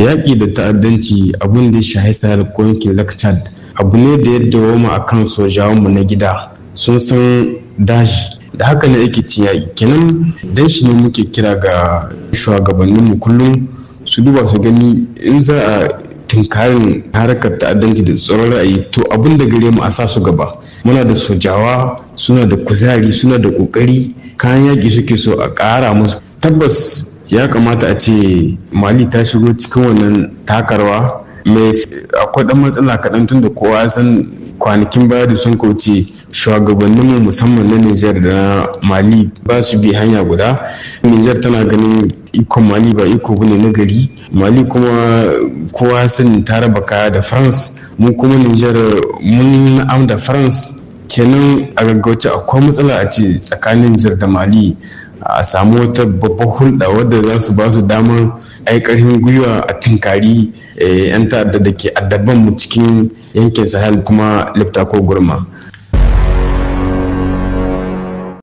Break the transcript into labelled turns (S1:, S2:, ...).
S1: yaƙi da ta'addanci abin da ya shahi sahel ko yankin abu ne da yadda dawoma a kan sojawanmu na gida sun san dashi da haka ne ake cin yaƙi kenan dan shi ne muke kira ga shugabanninmu kullum su duba su gani in za a tinkarin harkar ta'addanci da tsoron ra'ayi to abin da gare mu a sa su gaba muna da sojawa suna da kuzari suna da kokari kayan yaƙi suke so a ƙara musu tabbas ya kamata a ce mali ta shigo cikin wannan takarwa mai akwai dan matsala kaɗan tun da kowa san kwanakin baya da sun kauce mu musamman na Nijar da Mali ba su bi hanya guda. Nijar tana ganin ikon Mali ba iko bane na gari. Mali kuma kowa san ta raba kaya da France. Mu kuma Nijar mun am da France kenan a gaggauce akwai matsala a ce tsakanin Nijar da Mali a samu wata babban hulɗa wadda za su ba su damar ai gwiwa a tinkari eh, 'yan ta'adda da ke addaban mu cikin yankin sahel kuma lifta ko gurma